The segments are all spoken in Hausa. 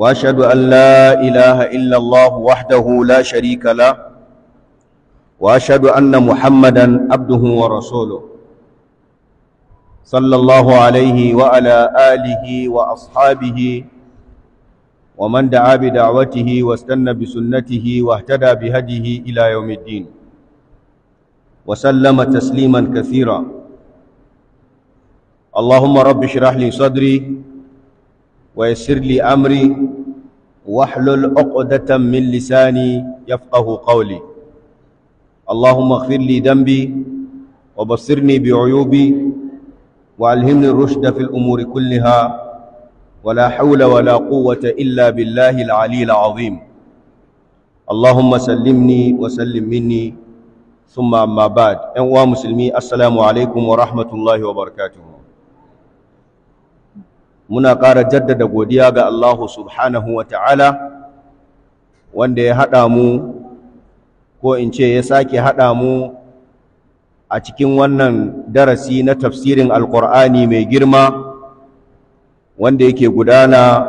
واشهد ان لا اله الا الله وحده لا شريك له واشهد ان محمدا عبده ورسوله صلى الله عليه وعلى اله واصحابه ومن دعا بدعوته واستنى بسنته واهتدى بهديه الى يوم الدين وسلم تسليما كثيرا اللهم رب اشرح لي صدري ويسر لي أمري واحلل عقدة من لساني يفقه قولي اللهم اغفر لي ذنبي وبصرني بعيوبي وألهمني الرشد في الأمور كلها ولا حول ولا قوة إلا بالله العلي العظيم اللهم سلمني وسلم مني ثم أما بعد أنواع مسلمي السلام عليكم ورحمة الله وبركاته muna ƙara jaddada godiya ga Allah subhanahu wa ta'ala wanda ya haɗa mu ko in ce ya sake haɗa mu a cikin wannan darasi na tafsirin alƙur'ani mai girma wanda yake gudana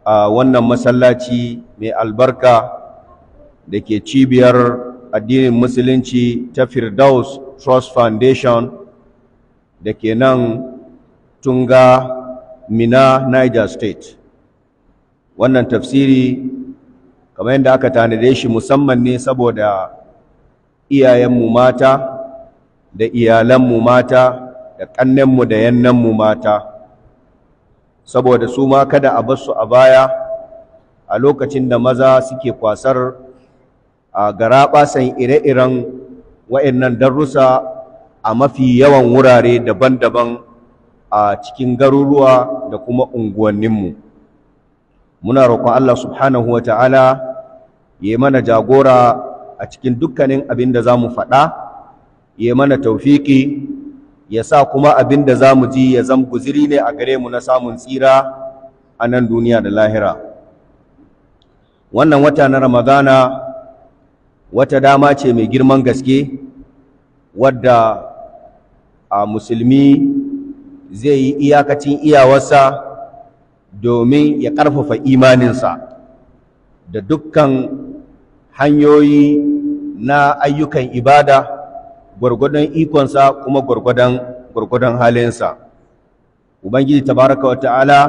a wannan masallaci mai albarka da ke cibiyar addinin musulunci ta firdaus trust foundation da ke nan tunga mina niger state wannan tafsiri kamar yadda aka tanade shi musamman ne saboda iyayenmu mata da iyalanmu mata da ƙannenmu da yannanmu mata saboda su ma kada a basu a baya a lokacin da maza suke kwasar a garaɓasan ire-iren wa'annan darussa a mafi yawan wurare daban-daban a cikin garuruwa da kuma unguwanninmu muna roƙon Allah subhanahu wa ta'ala ya yi mana jagora a cikin dukkanin abin da za mu faɗa ya yi mana taufiƙi ya sa kuma abin da za mu ji ya zan guziri ne a gare mu na samun tsira a nan duniya da lahira wannan wata na ramadana wata dama ce mai girman gaske wadda a musulmi zai yi iyakacin iyawarsa domin ya ƙarfafa imaninsa da dukkan hanyoyi na ayyukan ibada gwargwadon ikonsa kuma gwargwadon halinsa ubangiji tabaraka wa ta'ala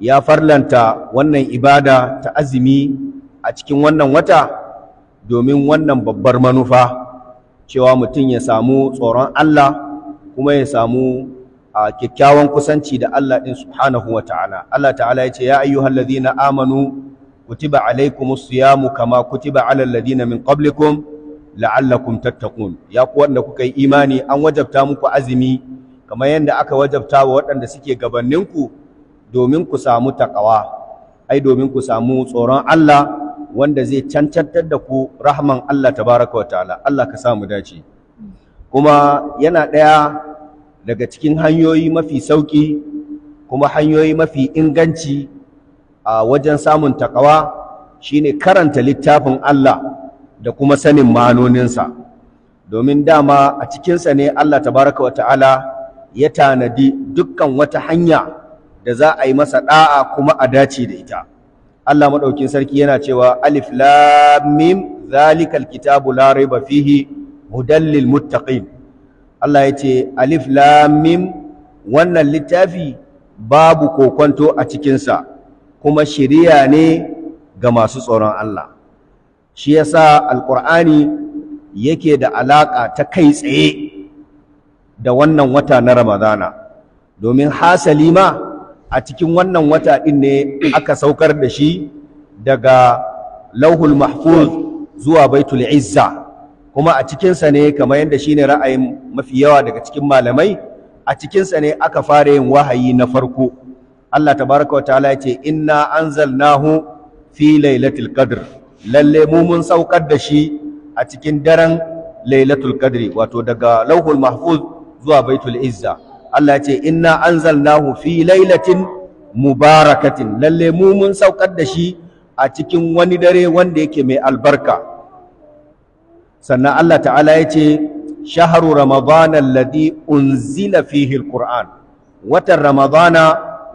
ya farlanta wannan ibada ta azumi a cikin wannan wata domin wannan babbar manufa cewa mutum ya samu tsoron Allah kuma ya samu a kyakkyawan kusanci da Allah ɗin subhanahu wa ta'ala. Allah ta'ala ya ce ya ayyuhallazina amanu kutiba alaykumus siyamu kama kutiba alal ladina min qablikum la'allakum tattakun. ya ku wanda kuka yi imani an wajabta muku azumi kamar yadda aka wajabta wa waɗanda suke gabanninku domin ku samu taƙawa, ai domin ku samu tsoron Allah wanda zai cancantar da ku rahman Allah tabaraka wa ta'ala Allah ka samu dace kuma yana ɗaya daga cikin hanyoyi mafi sauƙi kuma hanyoyi mafi inganci a wajen samun takawa shine karanta littafin Allah da kuma sanin manoninsa domin dama a cikinsa ne Allah tabaraka wa ta'ala ya tanadi dukkan wata hanya da za a yi masa ɗa'a kuma a dace da ita Allah maɗaukin sarki yana cewa alif lam mim zalikal kitabu larai raiba fihi hudallil muttaqin Allah ya ce alif lamim wannan littafi babu kokonto a cikinsa kuma shirya ne ga masu tsoron Allah shi yasa alqur'ani yake da alaƙa ta kai tsaye da wannan wata na ramadana domin hasali ma a cikin wannan wata ɗin ne aka saukar da shi daga lauhul mahfuz zuwa baitul izzah kuma a cikinsa ne kamar yadda shi ne ra'ayin mafi yawa daga cikin malamai a cikinsa ne aka fara yin wahayi na farko Allah tabaraka wa ta'ala ce inna anzalnahu fi lailatul qadr lalle mu mun saukar da shi a cikin daren lailatul qadri wato daga lauhul mahfuz zuwa baitul izza Allah ce inna anzalnahu fi lailatin mubarakatin lalle mu mun saukar da shi a cikin wani dare wanda yake mai albarka sannan Allah ta'ala ya ce shaharu ramadana alladhi unzila fihi alquran watan ramadana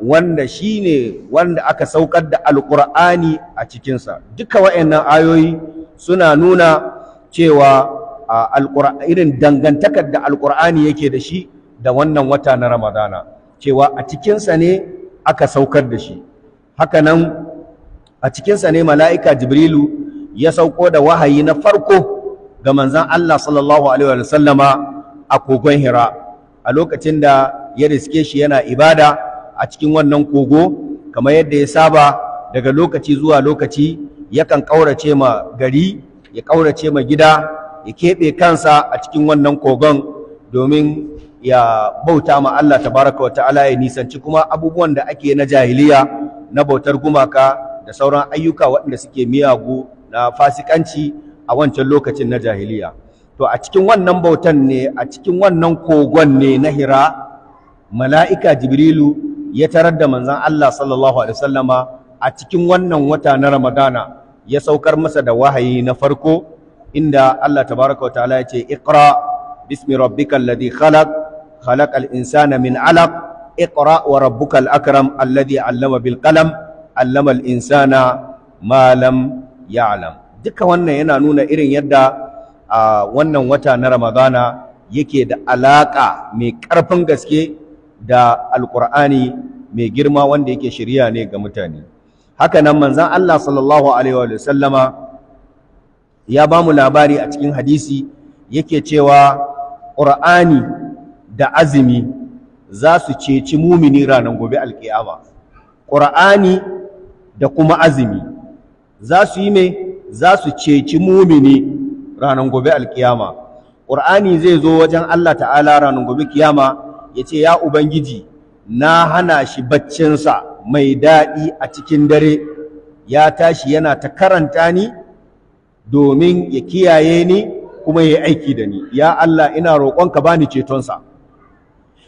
wanda shine wanda aka saukar da alqur'ani a cikin sa duka wayannan ayoyi suna nuna cewa irin dangantakar da alqur'ani yake da shi da wannan wata na ramadana cewa a cikin sa ne aka saukar da shi haka nan a cikin sa ne mala'ika jibrilu ya sauko da wahayi na farko ga manzan Allah sallallahu alaihi wasallama a kogon Hira a lokacin da ya riske shi yana ibada a cikin wannan kogo kamar yadda ya saba daga lokaci zuwa lokaci yakan ƙaurace ma gari ya ƙaurace ma gida ya keɓe kansa a cikin wannan kogon domin ya bauta ma Allah tabaraka wa ta'ala ya nisanci kuma abubuwan da ake na jahiliya na bautar gumaka da sauran ayyuka waɗanda suke miyagu na fasikanci a wancan lokacin na jahiliya to a cikin wannan bautan ne a cikin wannan kogon ne na hira mala'ika jibrilu ya tarar da manzan Allah sallallahu alaihi a cikin wannan wata na ramadana ya saukar masa da wahayi na farko inda Allah tabaraka wa ta'ala ya ce iqra bismi rabbikal ladhi khalaq khalaqal insana min alaq iqra wa rabbukal akram alladhi allama bil qalam allama al'insana insana ma lam ya'lam duka wannan yana nuna irin yadda a wannan wata na ramadana yake da alaƙa mai ƙarfin gaske da alƙur'ani mai girma wanda yake shirya ne ga mutane haka nan manzan Allah sallallahu alaihi wa sallama ya ba mu labari a cikin hadisi yake cewa ƙur'ani da azumi za su ceci mumini ranar gobe alƙiyama ƙur'ani da kuma azumi za su yi mai za su ceci mumini ranar gobe alkiyama ƙur'ani zai zo wajen Allah ta'ala ranar gobe kiyama ya ce ya ubangiji na hana shi baccinsa mai daɗi a cikin dare ya tashi yana ta karanta ni domin ya kiyaye ni kuma ya yi aiki da ni ya Allah ina roƙonka ba ni cetonsa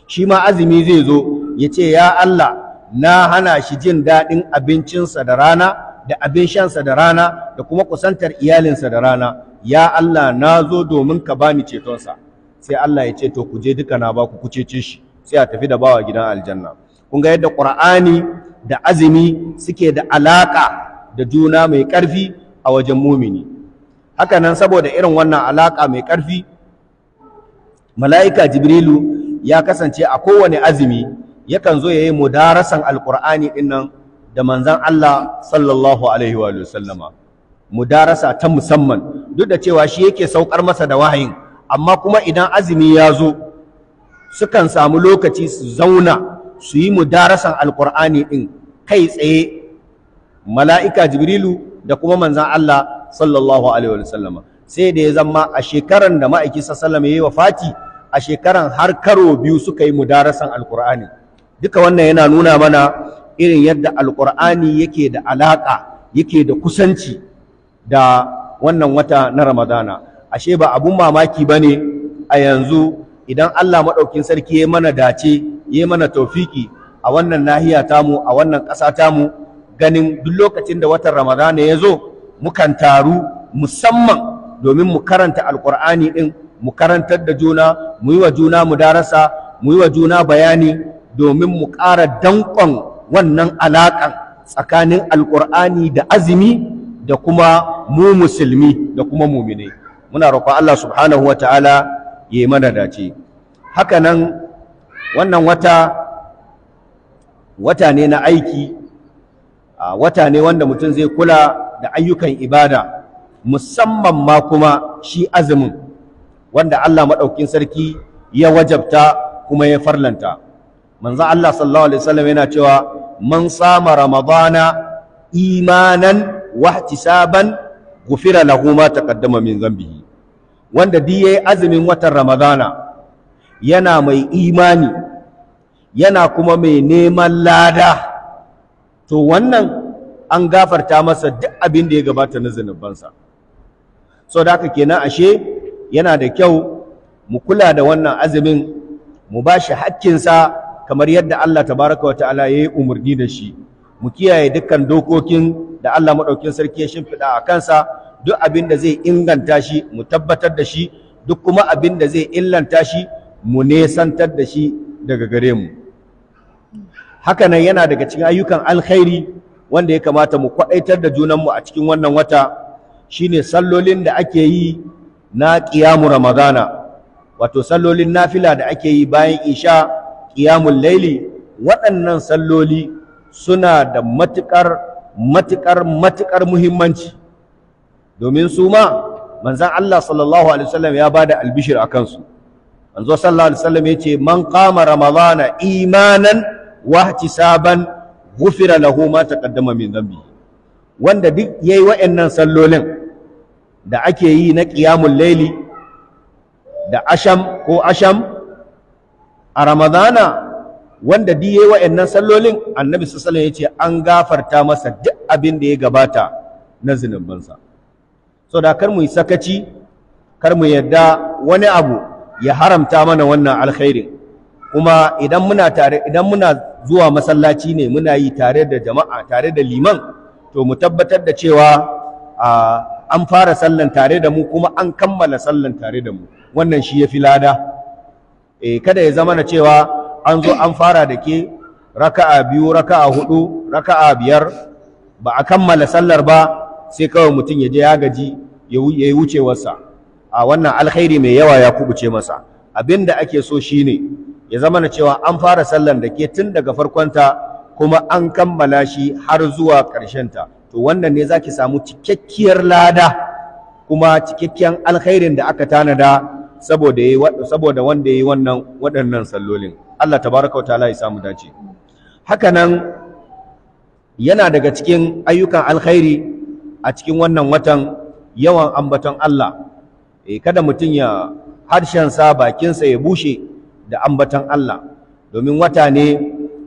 shi ma azumi zai zo ya ce ya Allah na hana shi jin daɗin abincinsa da rana da abin shansa da rana da kuma kusantar iyalinsa da rana ya Allah na zo domin ka bani cetonsa sai Allah ya ce to ku je duka na baku ku cece shi sai a tafi da bawa gidan aljanna kun ga yadda Qur'ani da azumi suke da alaka da juna mai karfi a wajen mumini haka nan saboda irin wannan alaka mai karfi mala'ika Jibrilu ya kasance a kowane azumi yakan zo yayi mudarasan alqur'ani din nan da manzan Allah sallallahu alaihi wa sallama mudarasa ta musamman duk da cewa shi yake saukar masa da wahayin amma kuma idan azumi ya zo sukan samu lokaci su zauna su yi mudarasan alkur'ani ɗin kai tsaye mala'ika jibrilu da kuma manzan Allah sallallahu alaihi wa sallama sai da ya zama a shekaran da ma'aiki sallama ya yi wa fati a shekaran har karo biyu suka yi mudarasan alkur'ani duka wannan yana nuna mana irin yadda alƙur'ani yake da alaƙa yake da kusanci da wannan wata na ramadana ashe ba abun mamaki ba ne a yanzu idan allah maɗaukin sarki ya mana dace ya mana taufiki a wannan nahiya tamu a wannan ƙasa tamu ganin duk lokacin da watan ramadana ya zo mukan taru musamman domin mu karanta alƙur'ani ɗin mu karantar da juna mu yi wa juna mu darasa mu yi wa juna bayani domin mu ƙara danƙon wannan alaƙa tsakanin alƙur'ani da azumi da kuma mu musulmi da kuma muminai muna roƙon Allah subhanahu wa ta'ala ya yi mana dace haka nan wannan wata wata ne na aiki wata ne wanda mutum zai kula da ayyukan ibada musamman ma kuma shi azumin wanda Allah maɗaukin sarki ya wajabta kuma ya farlanta manzo Allah sallallahu alaihi wasallam yana cewa man sama ramadana imanan sabon, gufira lahu ta taqaddama min dhanbihi wanda duk yayi azumin watan ramadana yana mai imani yana kuma mai neman lada to wannan an gafarta masa duk abin da ya gabata na zanubansa so da haka kenan ashe yana da kyau mu kula da wannan azumin mu bashi haƙƙinsa kamar yadda Allah tabaraka wa ta'ala ya yi umarni da shi mu kiyaye dukkan dokokin da Allah maɗaukin sarki ya shimfiɗa a kansa duk abin da zai inganta shi mu tabbatar da shi duk kuma abin da zai illanta shi mu nesantar da shi daga gare mu hakanan yana daga cikin ayyukan alkhairi wanda ya kamata mu kwaɗaitar da junanmu a cikin wannan wata shine sallolin da ake yi na ƙiyamu ramadana wato sallolin nafila da ake yi bayan isha ƙiyamun laili waɗannan salloli suna da matuƙar matuƙar matuƙar muhimmanci domin su ma manzon Allah sallallahu alaihi wasallam ya da albishir a kansu manzo sallallahu alaihi wasallam ce man kama ramadana imanan wa ihtisaban gufira lahu ma taqaddama min dhanbi wanda duk yayi waɗannan sallolin da ake yi na ƙiyamun laili da asham ko asham a ramadana wanda diye wa'annan sallolin annabi sallallahu ya ce an gafarta masa duk abin da ya gabata na zunubansa so da kar mu yi sakaci kar mu yadda wani abu ya haramta mana wannan alkhairin kuma idan muna tare idan muna zuwa masallaci ne muna yi tare da jama'a tare da liman to mu tabbatar da cewa an fara sallan tare da mu kuma an kammala sallan tare da mu wannan shi ya fi lada eh kada ya zama na cewa an zo an fara da ke raka'a biyu raka'a hudu raka'a biyar ba a kammala sallar ba sai kawai mutum ya je ya gaji ya yi wucewarsa a wannan alkhairi mai yawa ya kubuce masa Abin da ake so shi ne, ya zama na cewa an fara sallar da ke tun daga farkonta kuma an kammala shi har zuwa ƙarshen ta. to wannan ne za ki samu cikakkiyar lada kuma cikakkiyar alkhairin da aka tanada saboda yi saboda wanda yi wannan waɗannan sallolin Allah tabaraka ta'ala ya samu dace haka nan yana daga cikin ayyukan alkhairi a cikin wannan watan yawan ambaton Allah eh kada mutum ya harshen sa bakin sa ya bushe da ambaton Allah domin wata ne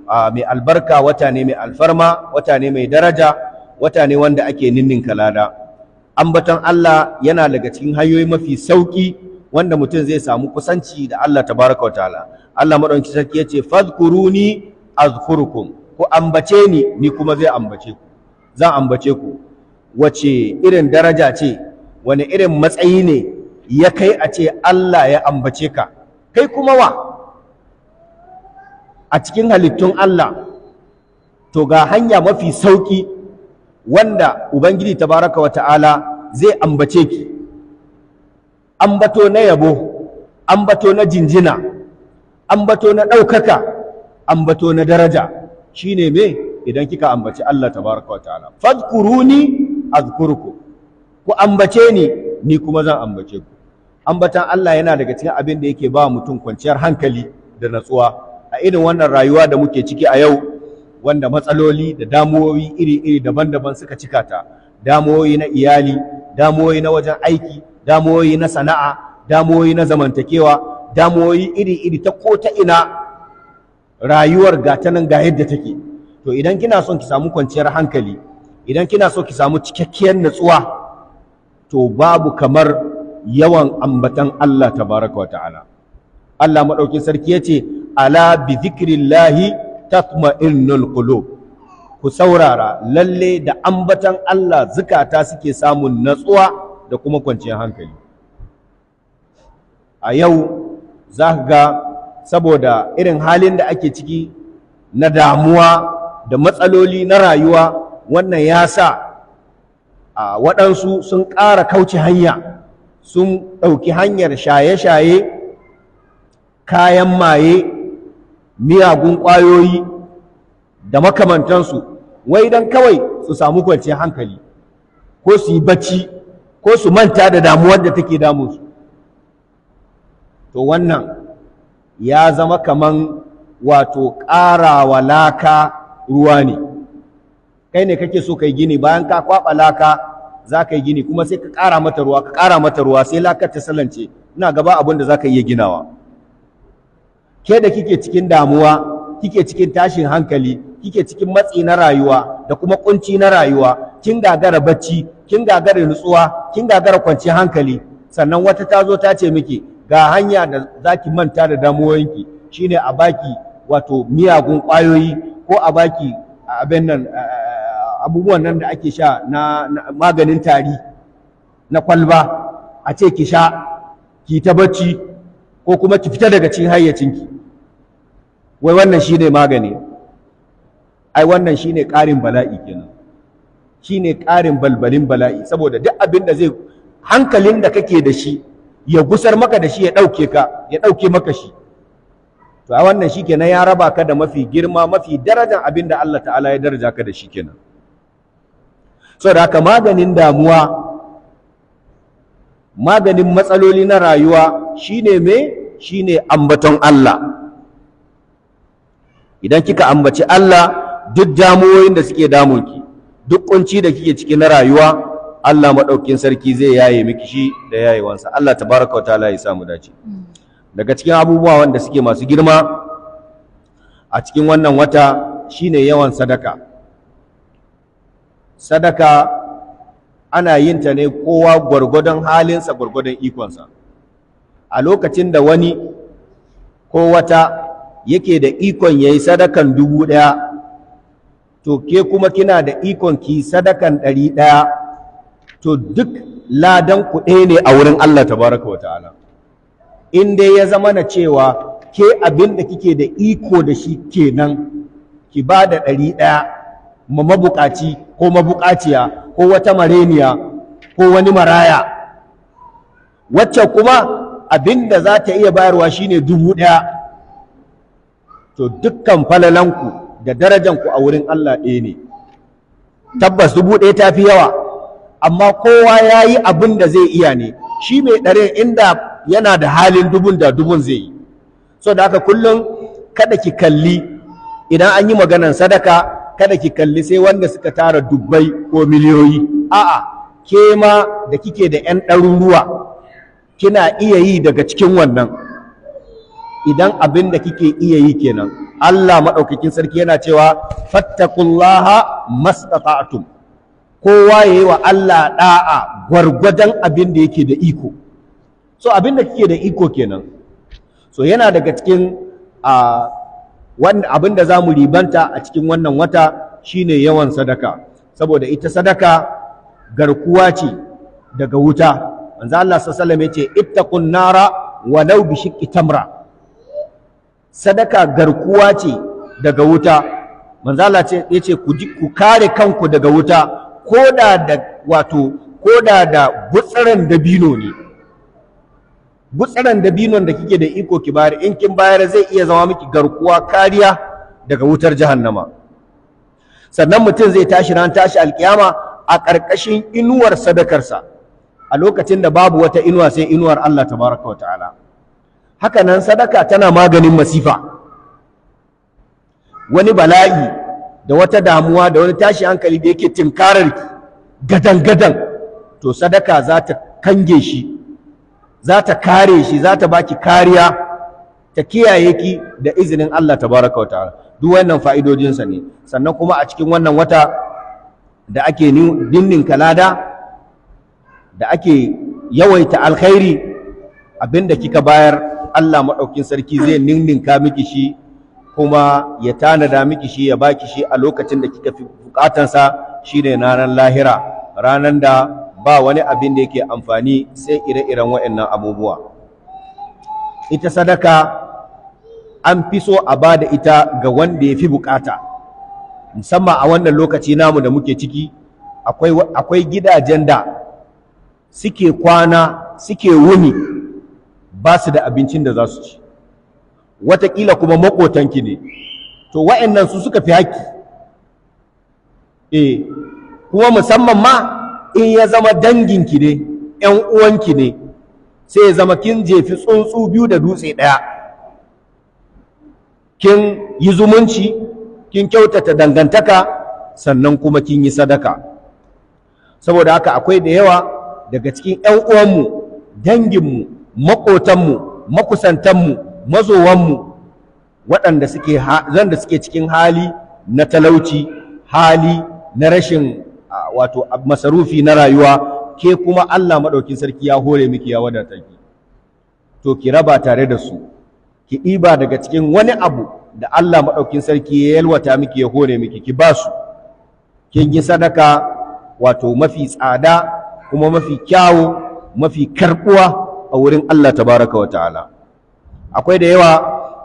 mai albarka wata ne mai alfarma wata ne mai daraja wata ne wanda ake ninnin kalada. ambaton Allah yana daga cikin hanyoyi mafi sauki wanda mutum zai samu kusanci da Allah tabaraka wa ta'ala Allah madaukakin sarki yace fadhkuruni azkurukum ku ambace ni ni kuma zai ambace ku zan ambace ku wace irin daraja ce wani irin matsayi ne ya kai a ce Allah ya ambace ka kai kuma wa a cikin halittun Allah to ga hanya mafi sauki wanda ubangiji tabaraka wa ta'ala zai ambace ki ambato na yabo ambato na jinjina ambato na ɗaukaka ambato na daraja shine me idan kika ambaci Allah tabaraka wataala fadkuruni azkurku ku ambace ni ni kuma zan ambace ku ambatan Allah yana daga cikin abin da yake ba mutum kwanciyar hankali da natsuwa a irin wannan rayuwa da muke ciki a yau wanda matsaloli da damuwoyi iri-iri daban-daban suka cika ta damuwoyi na iyali damuwoyi na wajen aiki damuwoyi na sana'a damuwoyi na zamantakewa damuwoyi iri-iri ta ko ta ina rayuwar gata nan ga yadda take to idan kina son ki samu kwanciyar hankali idan kina so ki samu cikakkiyar natsuwa to babu kamar yawan ambatan Allah tabaraka wa ta'ala Allah madaukin sarki yace ala bi zikrillahi tatma'innul qulub ku saurara lalle da ambatan Allah zukata suke samun natsuwa da kuma kwanciyar hankali a yau za ka ga saboda irin halin da ake ciki na damuwa da matsaloli na rayuwa wannan ya sa a waɗansu sun ƙara kauce hanya sun ɗauki hanyar shaye-shaye kayan maye miyagun ƙwayoyi da makamantansu wai don kawai su samu kwanciyar hankali ko su yi bacci ko su manta da damuwar da take damu su to wannan ya zama kaman wato ƙarawa laka ruwa ne kai ne kake so kai gini bayan ka kwaɓa laka za ka yi gini kuma sai ka ƙara mata ruwa ka ƙara mata ruwa sai laka ta salance ina gaba abin da za ka iya ginawa ke da kike cikin damuwa kike cikin tashin hankali kike cikin matsi na rayuwa da kuma ƙunci na rayuwa kin gagara bacci kin gagara nutsuwa kin gagara kwanci hankali sannan wata ta zo ta ce miki ga hanya da zaki manta da damuwoyinki shine a baki wato miyagun kwayoyi ko a baki abin nan eh, eh, abubuwan nan da ake sha maganin tari na kwalba a ce ki sha ki ta bacci ko kuma ki fita daga cikin hayyacinki wai wannan shine magani ai wannan shine ƙarin bala'i kenan Shi ne ƙarin balbalin bala'i saboda duk abin da zai hankalin da kake da shi ya gusar maka da shi ya ɗauke ka ya ɗauke maka shi to a wannan shi kenan ya raba ka da mafi girma mafi darajar abin da Allah ta'ala ya daraja ka da shi kenan saboda haka maganin damuwa maganin matsaloli na rayuwa shi shine me ne ambaton Allah idan kika ambaci Allah duk damuwoyin da suke damunki duk kunci da kike ciki na rayuwa Allah maɗaukin sarki zai yaye miki shi da yayewansa Allah tabaraka wa ta'ala ya samu dace daga cikin abubuwa wanda suke masu girma a cikin wannan wata shine yawan sadaka sadaka ana yin ta ne kowa gwargwadon halinsa gwargwadon ikonsa a lokacin da wani ko wata yake da ikon yayi sadakan dubu ɗaya to ke kuma kina da ikon ki sadakan ɗari ɗaya to duk ladan ku ɗaya ne a wurin Allah baraka wa ta'ala in dai ya zama na cewa ke abin da kike da iko da shi kenan ki ba da ɗari ɗaya ma mabukaci ko mabukaciya ko wata mareniya ko wani maraya wacce kuma abin da za ta iya bayarwa shine dubu ɗaya to dukkan falalanku da darajan ku a wurin Allah ɗaya ne tabbas dubu ɗaya ta fi yawa amma kowa ya yi abin da zai iya ne shi mai ɗare inda yana da halin dubun da dubun zai yi so da aka kullum kada ki kalli idan an yi maganan sadaka kada ki kalli sai wanda suka tara dubbai ko miliyoyi a'a ke ma da kike da 'yan ɗaruruwa kina iya yi daga cikin wannan idan abin da kike iya yi kenan Allah maɗaukakin sarki yana cewa fattakullaha mastata'tum kowa yayi wa Allah da'a gwargwadon abin da yake da iko so abin da kike da iko kenan so yana daga cikin a wanda abin da zamu ribanta a cikin wannan wata shine yawan sadaka saboda ita sadaka garkuwa ce daga wuta manzo Allah sallallahu alaihi wasallam yace ittaqun nara walau bi shiqqi tamra sadaka garkuwa ce daga wuta Manzala ce yace ce ku kare kanku daga wuta koda da wato koda da gutsaran dabino ne gutsaran dabinon da kike da iko ki bayar in kin bayar zai iya zama miki garkuwa kariya daga wutar jahannama sannan mutum zai tashi ran tashi alkiyama a ƙarƙashin inuwar sadakarsa a lokacin da babu wata inuwa sai inuwar Allah tabaraka wa ta'ala haka nan sadaka tana maganin masifa wani bala'i da wata damuwa da wani tashi hankali da yake tinkarar gadan gadan to sadaka za ta kange shi za ta kare shi za ta baki kariya ta kiyaye ki da izinin Allah tabaraka wa ta'ala duk wannan fa'idojinsa ne sannan kuma a cikin wannan wata da ake dinnin kalada da ake yawaita alkhairi abinda kika bayar Allah maɗaukin sarki zai ninninka miki shi kuma ya tanada miki shi ya baki shi a lokacin da kika fi bukatansa shine ranar lahira ranar da ba wani abin da yake amfani sai ire-iren waɗannan abubuwa ita sadaka an fi so a ba da ita ga wanda ya fi bukata musamman a wannan lokaci namu da muke ciki akwai gidajen da suke kwana suke wuni ba su da abincin da za su ci wataƙila kuma maƙotanki ne to wa'annan su suka fi haƙƙi eh kuma musamman ma in ya zama danginki ne ƴan uwanki ne sai ya zama kin jefi tsuntsu biyu da dutse ɗaya kin yi zumunci kin kyautata dangantaka sannan kuma kin yi sadaka saboda haka akwai da yawa daga cikin ‘yan uwanmu danginmu maƙotanmu makusantanmu mazowanmu waɗanda suke zanda suke cikin hali na talauci hali na rashin wato masarufi na rayuwa ke kuma Allah maɗaukin sarki ya hore miki ya wadata ki to ki raba tare da su ki ɗiba daga cikin wani abu da Allah maɗaukin sarki ya yalwata miki ya hore miki ki ba su kin yi sadaka wato mafi tsada kuma mafi kyawu mafi karɓuwa a wurin Allah tabaraka wa ta'ala akwai da yawa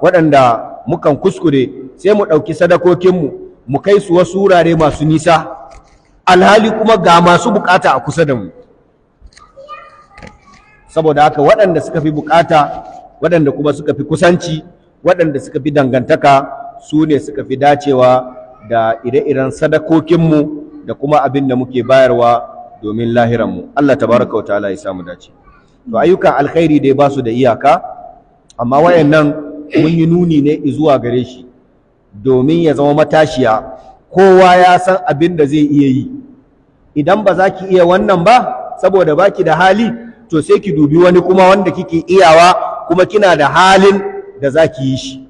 waɗanda mukan kuskure sai mu ɗauki sadakokinmu mu kai su wasu wurare masu nisa alhali kuma ga masu bukata a kusa da mu saboda haka waɗanda suka fi bukata waɗanda kuma suka fi kusanci waɗanda suka fi dangantaka su ne suka fi dacewa da ire-iren sadakokinmu da kuma abin da muke bayarwa domin lahiranmu Allah tabaraka wa ta'ala ya samu dace to ayyukan alkhairi dai ba su da iyaka amma wayannan mun yi nuni ne zuwa gare shi domin ya zama matashiya kowa ya san abin da zai iya yi idan ba za ki iya wannan ba saboda ba ki da hali to sai ki dubi wani kuma wanda kike iyawa kuma kina da halin da za ki yi shi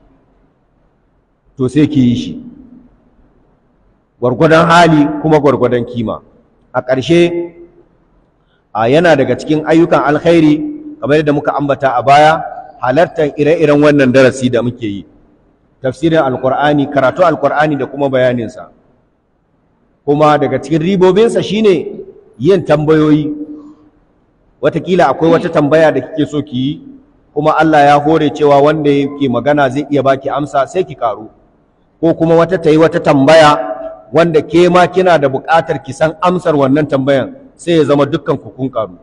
to sai ki yi shi gwargwadon hali kuma gwargwadon kima a ƙarshe yana daga cikin ayyukan alkhairi kamar yadda muka ambata a baya halartar ire-iren wannan darasi da muke yi tafsirin alkur'ani karatu alkur'ani da kuma bayaninsa kuma daga cikin ribobinsa shine yin tambayoyi watakila akwai wata tambaya da kike so ki yi kuma Allah ya hore cewa wanda yake magana zai iya baki amsa sai ki karu ko kuma wata tayi wata tambaya wanda ke ma kina da buƙatar ki san amsar wannan tambayan sai ya zama dukkan kukun karu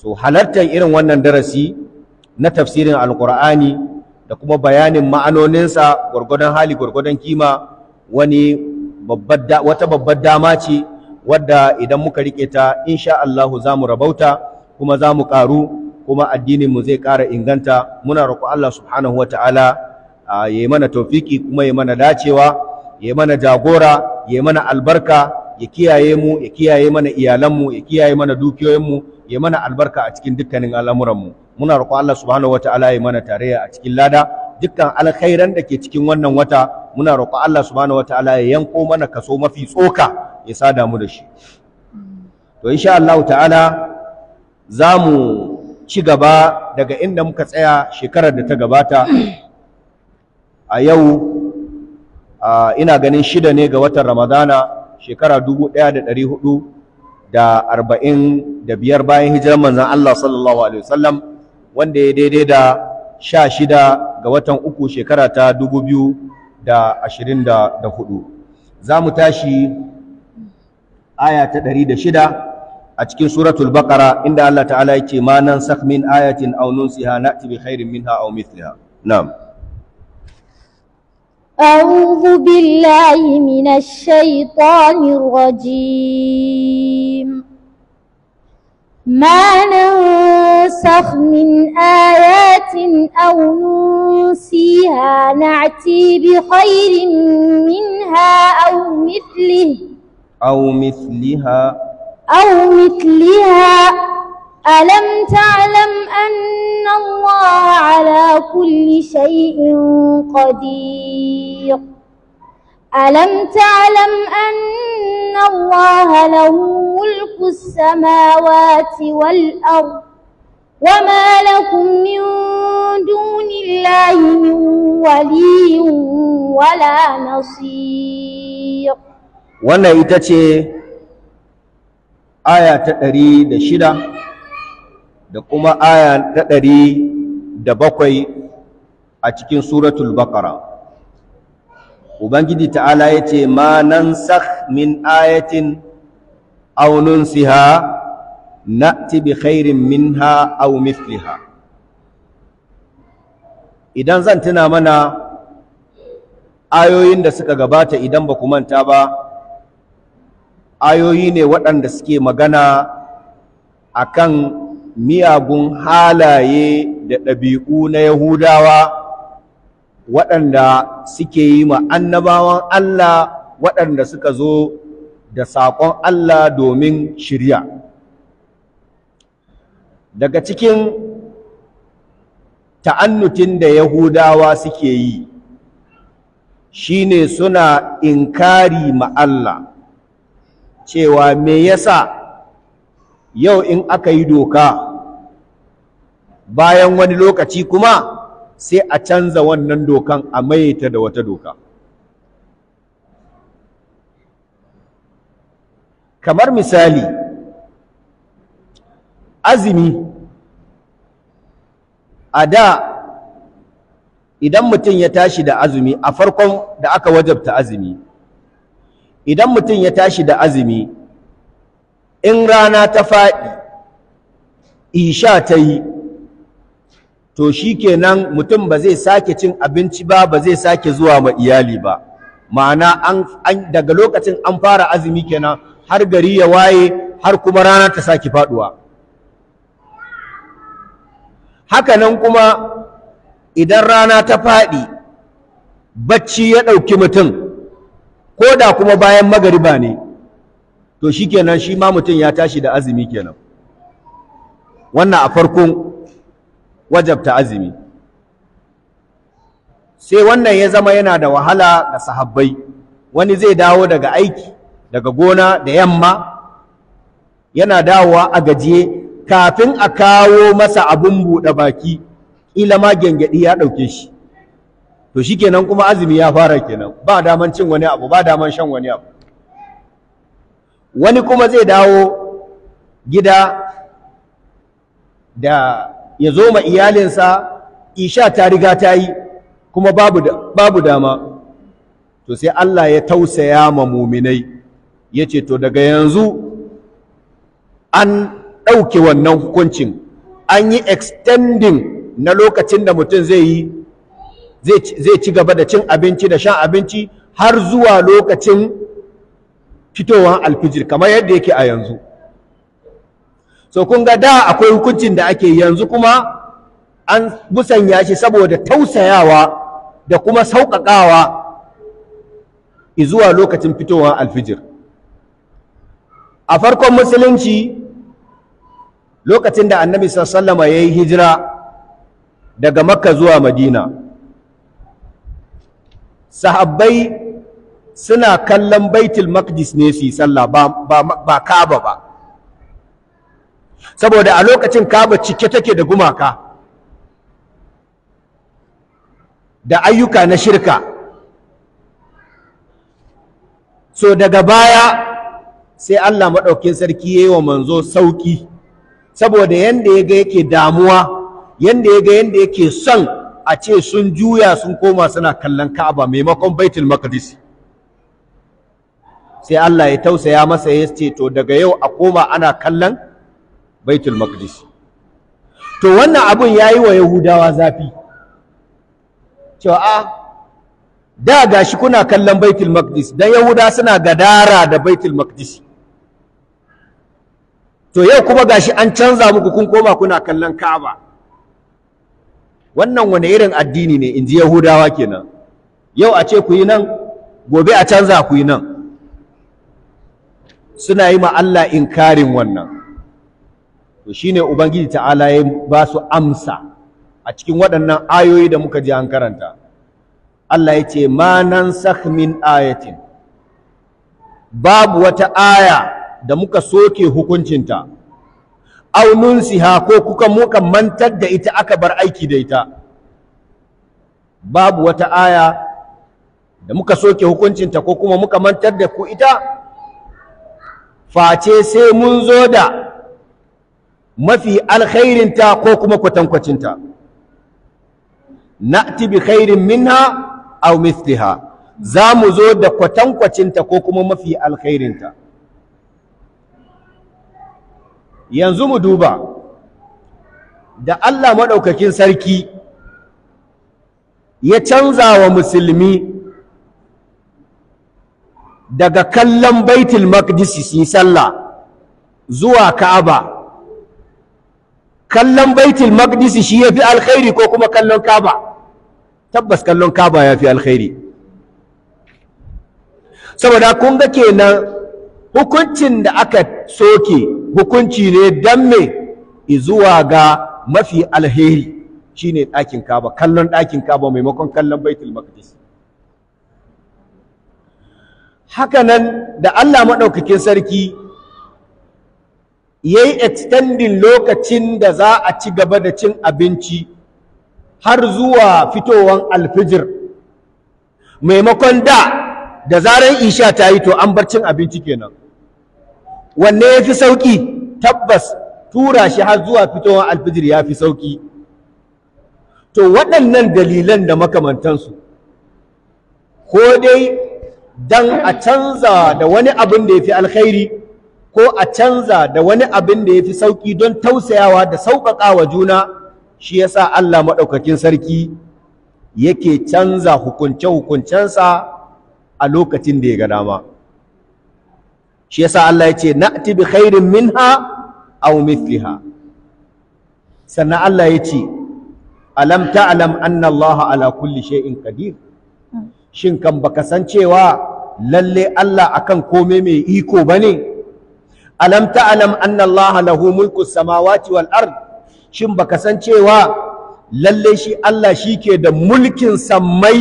so halartar irin wannan darasi na tafsirin alkur'ani da kuma bayanin ma'anoninsa gwargwadon hali gwargwadon kima wani wata babbar dama ce wadda idan muka rike ta insha Allah za mu rabauta kuma za mu karu kuma addinin mu zai ƙara inganta muna roƙo Allah subhanahu wataala ya yi mana tofiki kuma ya yi mana dacewa ya yi mana jagora ya yi mana albarka ya kiyaye mu ya kiyaye mana iyalanmu ya kiyaye mana dukiyoyin mu, ya mana albarka a cikin dukkanin mu. muna roƙo Allah subhanahu wataala ya mana tarayya a cikin lada dukkan alkhairan da ke cikin wannan wata muna roƙo Allah subhanahu wataala ya yanko mana kaso mafi tsoka ya sada mu da shi to insha Allah ta'ala za mu ci gaba daga inda muka tsaya shekarar da ta gabata a yau ina ganin shida ne ga watan Ramadana shekara dubu ɗaya da ɗari hudu da arba'in da biyar bayan hijirar manzan Allah sallallahu alaihi wasallam wanda ya daidai da sha shida ga watan uku shekara ta dubu biyu da ashirin da hudu za mu tashi aya ta ɗari da shida a cikin suratul bakara inda Allah ta'ala ya ce ma nan min ayatin aw siha na'ti bi khairin minha aw أعوذ بالله من الشيطان الرجيم ما ننسخ من آيات أو ننسيها نعتي بخير منها أو مثله أو مثلها أو مثلها ألم تعلم أن الله على كل شيء قدير ألم تعلم أن الله له ملك السماوات والأرض وما لكم من دون الله من ولي ولا نصير وانا ايتاتي آية تأريد شدة da kuma aya na ɗari da bakwai a cikin suratul bakara ubangiji ta'ala ya ce ma nan min ayatin aunin siha na bi khairin minha au mifliha idan zan tuna mana ayoyin da suka gabata idan ba ku manta ba ayoyi ne waɗanda suke magana a akan miyagun halaye da ɗabi'u na yahudawa waɗanda suke yi ma annabawan Allah waɗanda suka zo da saƙon Allah domin shirya daga cikin ta'annutin da yahudawa suke yi shine suna inkari ma Allah cewa me yasa yau in aka yi doka bayan wani lokaci kuma sai a canza wannan dokan a maita da wata doka kamar misali azumi a da idan mutum ya tashi da azumi a farkon da aka wajabta azumi idan mutum ya tashi da azumi in rana ta faɗi isha ta yi to shi kenan mutum ba zai sake cin abinci ba ba zai sake zuwa ma iyali ba ma'ana daga lokacin an fara azumi kenan har gari ya waye har kuma rana ta sake faɗuwa hakanan kuma idan rana ta faɗi bacci ya ɗauki mutum ko da kuma bayan magariba ne to shikenan shi ma mutum ya tashi da azumi kenan wannan a farkon wajabta azumi sai wannan ya zama yana da wahala ga sahabbai wani zai dawo daga aiki daga gona da yamma yana dawowa a gajiye kafin a kawo masa abin buɗe baki ƙila ma gyangyaɗi ya ɗauke shi to shikenan kuma azumi ya fara kenan ba daman cin wani abu ba daman shan wani abu wani kuma zai dawo gida da ya zo ma iyalinsa isha ta riga ta yi kuma babu, dama to sai Allah ya tausaya ma muminai ya ce to daga yanzu an ɗauke wannan hukuncin an yi extending na lokacin da mutum zai yi zai ci gaba da cin abinci da shan abinci har zuwa lokacin fitowar alfijir kamar yadda yake a yanzu so kun ga da akwai hukuncin da ake yanzu kuma an musanya shi saboda tausayawa da kuma sauƙaƙawa zuwa lokacin fitowar alfijir a farkon musulunci lokacin da annabi sallama ya yi hijira daga makka zuwa madina sahabbai suna kallon baitul maqdis ne su yi sallah ba ba kaba ba saboda a lokacin kaba cike take da gumaka da ayyuka na shirka so daga baya sai Allah maɗaukin sarki ya yi wa manzo sauƙi saboda yanda ya ga yake damuwa yanda ya ga yadda yake son a ce sun juya sun koma suna kallon ka'aba maimakon baitul maqdis sai Allah ya tausaya masa ya ce to daga yau a koma ana kallon baitul maqdis to wannan abun yayi wa yahudawa zafi to a ah, da gashi kuna kallon baitul maqdis dan yahuda suna gadara da baitul maqdis to yau kuma gashi an canza muku kun koma kuna kallon ka'aba wannan wani irin addini ne inji yahudawa kenan yau a ce ku yi nan gobe a canza ku yi nan suna yi ma Allah inkarin wannan to shine ubangiji ta'ala ya ba su amsa a cikin waɗannan ayoyi da muka ji an karanta Allah ya ce ma nan min ayatin babu wata aya da muka soke hukuncinta aunin siha ko kuka muka mantar da ita aka bar aiki da ita babu wata aya da muka soke hukuncinta ko kuma muka mantar da ku ita face sai mun zo da mafi alkhairinta ko kuma kwatankwacinta na'ti bi khairin minha aw mithliha za mu zo da kwatankwacinta ko kuma mafi alkhairinta yanzu mu duba da Allah maɗaukakin sarki ya canza wa musulmi daga kallon baitul maqdis su sallah zuwa ka'aba kallon baitul maqdis shi yafi alkhairi ko kuma kallon ka'aba tabbas kallon ka'aba yafi alkhairi saboda kun ga kenan hukuncin da aka soke hukunci ne dan me zuwa ga mafi alheri shine ɗakin kaba kallon ɗakin kaba maimakon kallon baitul maqdis Haka nan da Allah maɗaukakin sarki ya yi extending lokacin da za a ci gaba da cin abinci har zuwa fitowar alfijir maimakon da da zarar isha ta yi to an bar cin abinci kenan wanne ya fi sauƙi tabbas tura shi har zuwa fitowar alfijir ya fi sauƙi to waɗannan dalilan da makamantansu ko dai dan a canza da wani abin da yafi alkhairi ko a canza da wani abin da yafi sauƙi don tausayawa da sauƙaƙawa juna shi yasa Allah madaukakin sarki yake canza hukunce hukuncensa a lokacin da ya ga dama shi yasa Allah yace na'ti bi khairin minha aw mithliha sannan Allah yace alam ta'lam anna Allah ala kulli shay'in qadir shin kan baka san cewa lalle Allah akan kome mai iko bane alam ta'lam anna Allah lahu mulku samawati wal ard shin baka san cewa lalle shi Allah shi ke da mulkin sammai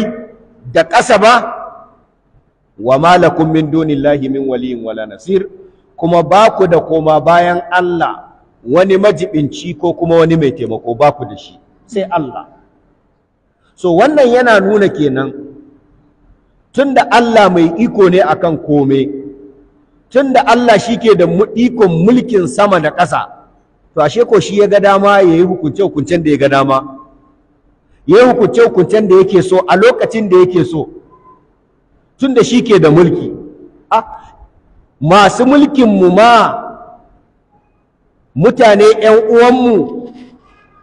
da ƙasa ba wa malakun min dunillahi min waliyin wala nasir kuma baku da koma bayan Allah wani majibinci ko kuma wani mai taimako baku da shi sai Allah so wannan yana nuna kenan tunda Allah mai iko ne akan kome tunda Allah shike da ikon mulkin sama da ƙasa to ashe ko shi ya ga dama yayi hukunce hukuncen da ya ga dama yayi hukunce hukuncen da yake so a lokacin da yake so tunda shike da mulki a ah, masu mulkin mu ma mutane ƴan uwanmu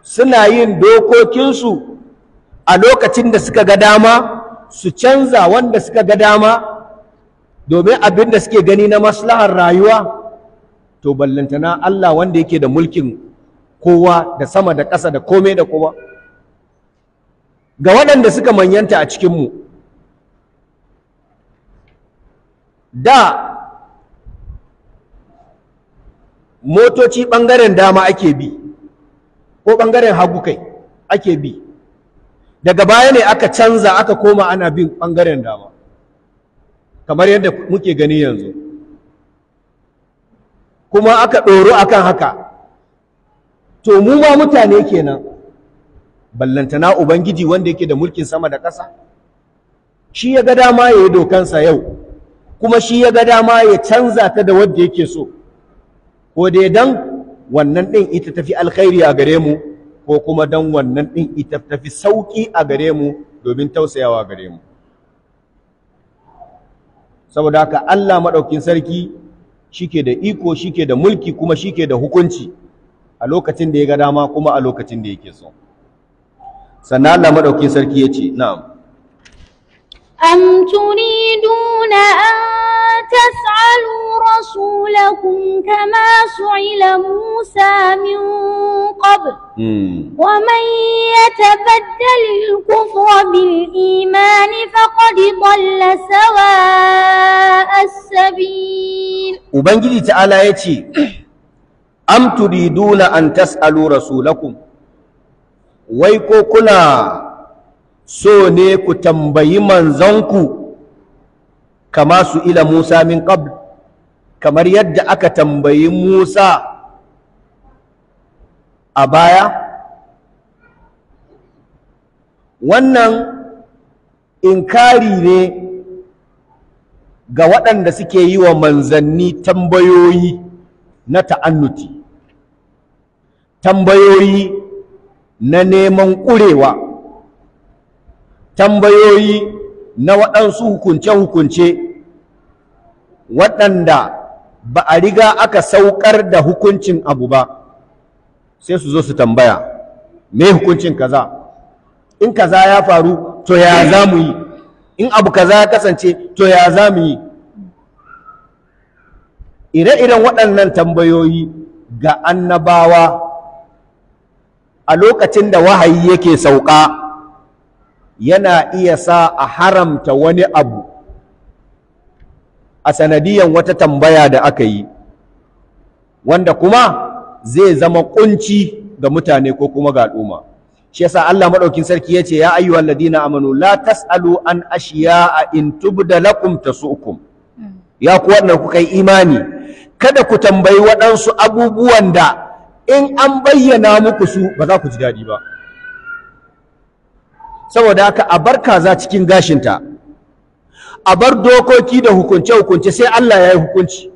suna yin dokokinsu a lokacin da suka ga dama su canza wanda suka ga dama domin abin da suke gani na maslahar rayuwa to ballantana Allah wanda yake da mulkin kowa da sama da ƙasa da kome da kowa ga waɗanda suka manyanta a cikinmu da motoci ɓangaren dama ake bi ko ɓangaren hagu kai ake bi daga baya ne aka canza aka koma ana bin ɓangaren dama kamar yadda muke gani yanzu kuma aka ɗoro akan haka to mu ma mutane kenan ballantana ubangiji wanda yake da mulkin sama da ƙasa shi ya ga dama ya yi dokansa yau kuma shi ya ga dama ya canza ta da wadda yake so ko dai dan wannan ɗin ita tafi alkhairi a gare mu ko kuma don wannan ɗin ita tafi sauƙi a gare mu domin tausayawa gare mu saboda haka Allah maɗaukin sarki shike da iko ke da mulki kuma ke da hukunci a lokacin da ya ga dama kuma a lokacin da yake so sannan Allah maɗaukin sarki ya ce na'am أم تريدون أن تسألوا رسولكم كما سئل موسى من قبل ومن يتبدل الكفر بالإيمان فقد ضل سواء السبيل وبنجي تعالى يتي أم تريدون أن تسألوا رسولكم ويكو كنا so ne ku tambayi manzanku kama su ila Musa min qabl kamar yadda aka tambayi Musa a baya wannan inkari ne ga waɗanda suke yi wa manzanni tambayoyi na ta'annuti tambayoyi na neman ƙurewa tambayoyi na waɗansu hukunce-hukunce waɗanda ba a riga aka saukar da hukuncin abu ba sai su zo su tambaya me hukuncin kaza in kaza ya faru to ya za mu yi in abu kaza ya kasance to ya za mu yi ire-iren waɗannan tambayoyi ga annabawa a lokacin da wahayi yake sauka yana iya sa a haramta wani abu a sanadiyan wata tambaya da aka yi wanda kuma zai zama kunci ga mutane ko kuma ga al'umma shi yasa Allah madaukin sarki yace ya ayyuhal ladina amanu la tasalu an ashiya'a in tubda lakum tasukum ya ku wannan kuka yi imani kada ku tambayi waɗansu abubuwan da in an bayyana muku su ba za ku ji daɗi ba saboda haka a bar kaza cikin gashinta a bar dokoki da hukunce-hukunce sai Allah ya yi hukunci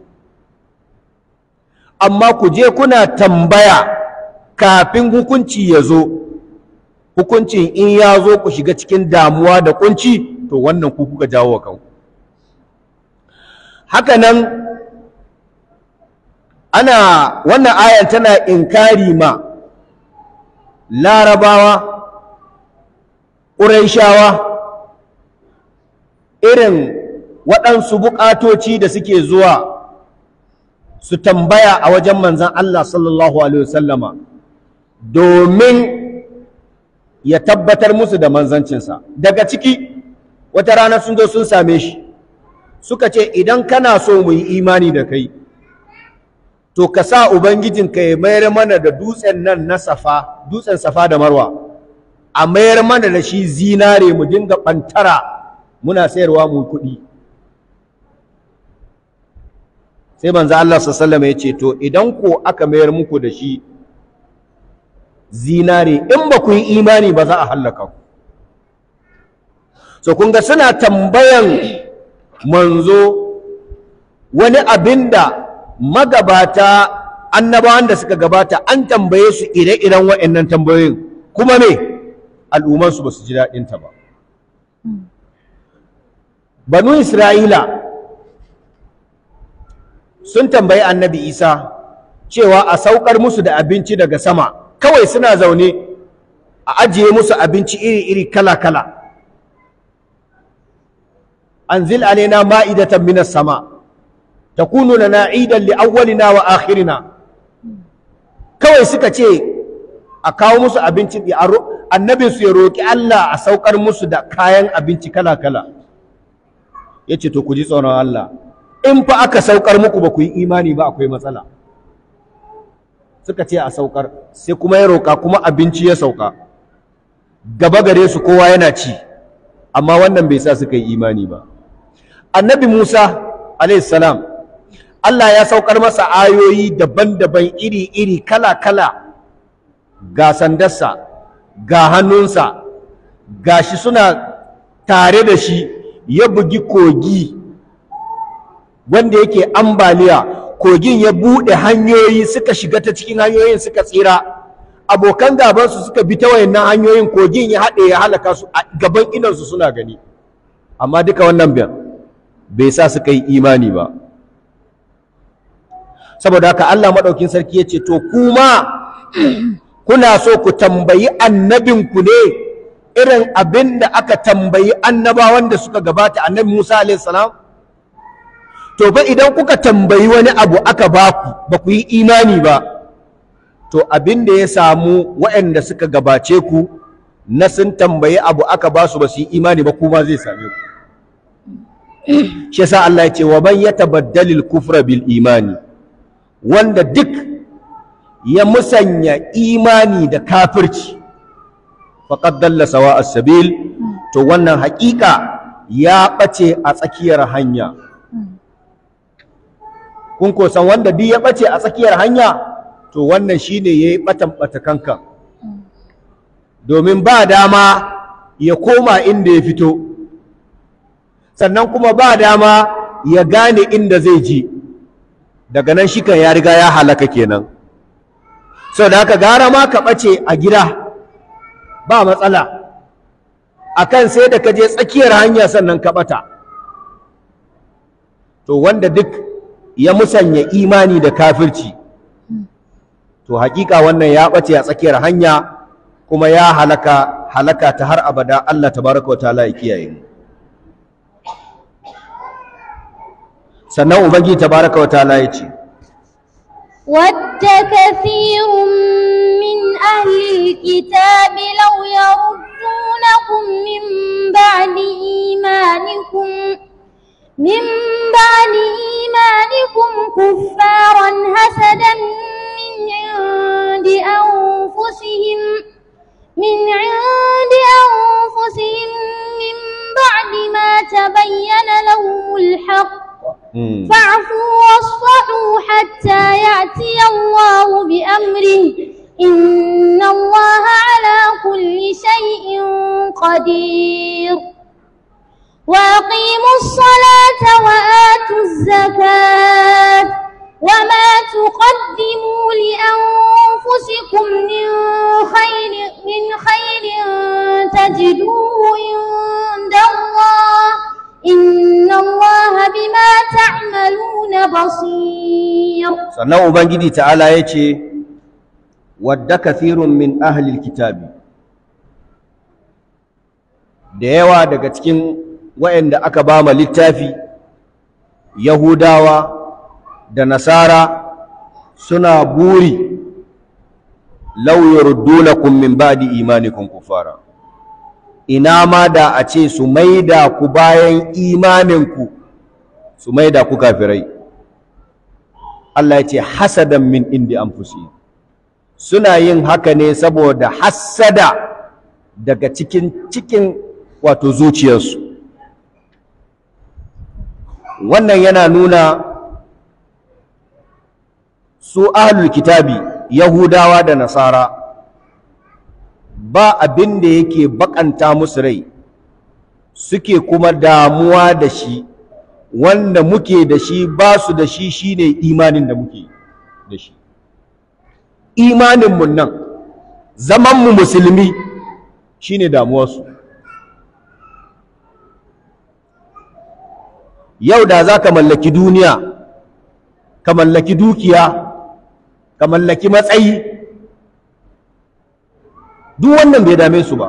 amma ku je kuna tambaya kafin hukunci ya zo hukuncin in ya zo ku shiga cikin damuwa da kunci to wannan ku kuka jawo wa kanku haka nan ana wannan ayan tana inkari ma larabawa ƙuraishawa irin waɗansu buƙatoci da suke zuwa su tambaya a wajen manzan Allah sallallahu Alaihi wasallama domin ya tabbatar musu da manzancinsa daga ciki wata rana sun zo sun same shi suka ce idan kana so mu yi imani da kai to ka sa ubangijinka ya mayar mana da dutsen nan na safa dutsen safa da marwa a mayar mana da shi zinare mu dinga ɓantara muna sayarwa mu kuɗi sai manzo Allah sallallahu ya ce to idan ko aka mayar muku da shi zinare in ba ku yi imani ba za a hallaka ku so kun ga suna tambayan manzo wani abin da magabata annabawan da suka gabata an tambaye su ire-iren waɗannan tambayoyin kuma me al'ummansu ba su ji daɗinta ba hmm. banu isra'ila sun tambayi annabi isa cewa a saukar musu da abinci daga sama kawai suna zaune a ajiye musu abinci iri-iri kala-kala anzil alaina ma'idatan minas sama takunu lana idan li awwalina wa akhirina hmm. kawai suka ce a kawo musu abinci annabin su ya roƙi Allah a saukar musu da kayan abinci kala kala Ya ce to ku ji tsoron Allah in fa aka saukar muku ba ku yi imani ba akwai matsala suka ce a saukar sai kuma ya roƙa kuma abinci ya sauka gaba gare su kowa yana ci amma wannan bai sa suka yi imani ba annabi Musa a.s. Allah ya saukar masa ayoyi daban-daban iri-iri kala-kala ga sandarsa ga hannunsa ga shi suna tare da shi ya bugi kogi wanda yake ambaliya kogin ya bude hanyoyi suka shiga ta cikin hanyoyin suka tsira abokan gabansu suka bi ta wayannan hanyoyin kogin ya haɗe ya halaka su a gaban idansu suna gani amma duka wannan biyan bai sa suka yi imani ba saboda haka Allah maɗaukin sarki ya ce to kuma kuna so ku tambayi annabinku ne irin abin da aka tambayi annabawan da suka gabata annabi Musa alaihi salam to ba idan kuka tambayi wani abu aka baku ba ku yi imani ba to abin da ya samu waɗanda suka gabace ku na sun tambayi abu aka ba su ba su yi imani ba kuma zai same ku shi yasa Allah ya ce wa man yatabaddalil kufra bil imani wanda duk ya musanya imani da kafirci faƙad dalla sawa a sabil to wannan haƙiƙa ya ɓace a tsakiyar hanya kun kosan wanda duk ya ɓace a tsakiyar hanya to wannan shine yi batan kanka. domin ba dama ya koma inda ya fito sannan kuma ba dama ya gane inda zai ji daga nan shi kan ya riga ya halaka kenan so da ka gara ma ka ɓace a gida ba matsala a kan sai da ka je tsakiyar hanya sannan ka ɓata to wanda duk ya musanya imani da kafirci to hakika wannan ya ɓace a tsakiyar hanya kuma ya halaka halaka ta har abada Allah tabaraka wa ta'ala ya kiyaye mu sannan ubangi tabaraka wa ta'ala ya ce ود كثير من أهل الكتاب لو يردونكم من بعد إيمانكم من بعد إيمانكم كفارا حسدا من عند أنفسهم من عند أنفسهم من بعد ما تبين لهم الحق فاعفوا واصفحوا حتى يأتي الله بأمره إن الله على كل شيء قدير وأقيموا الصلاة وآتوا الزكاة وما تقدموا لأنفسكم من خير, من خير تجدوه عند الله إن sannan ubangiji ta'ala yace wadda kathirun min ahli alkitabi da yawa daga cikin wayanda aka bama littafi yahudawa da nasara suna buri law kun min ba'di imanikum kufara ina ma da a ce su maida ku bayan imaninku su maida ku kafirai Allah ya ce hasadan min indi anfusi suna yin haka ne saboda hasada daga cikin cikin wato zuciyarsu wannan yana nuna su ahlul kitabi yahudawa da nasara ba abin da yake bakanta musu rai suke kuma damuwa da shi wanda muke da shi ba su da shi shine imanin da muke da shi imaninmu nan zamanmu musulmi shine damuwarsu yau da za ka mallaki duniya ka mallaki dukiya ka mallaki matsayi duk wannan bai dame su ba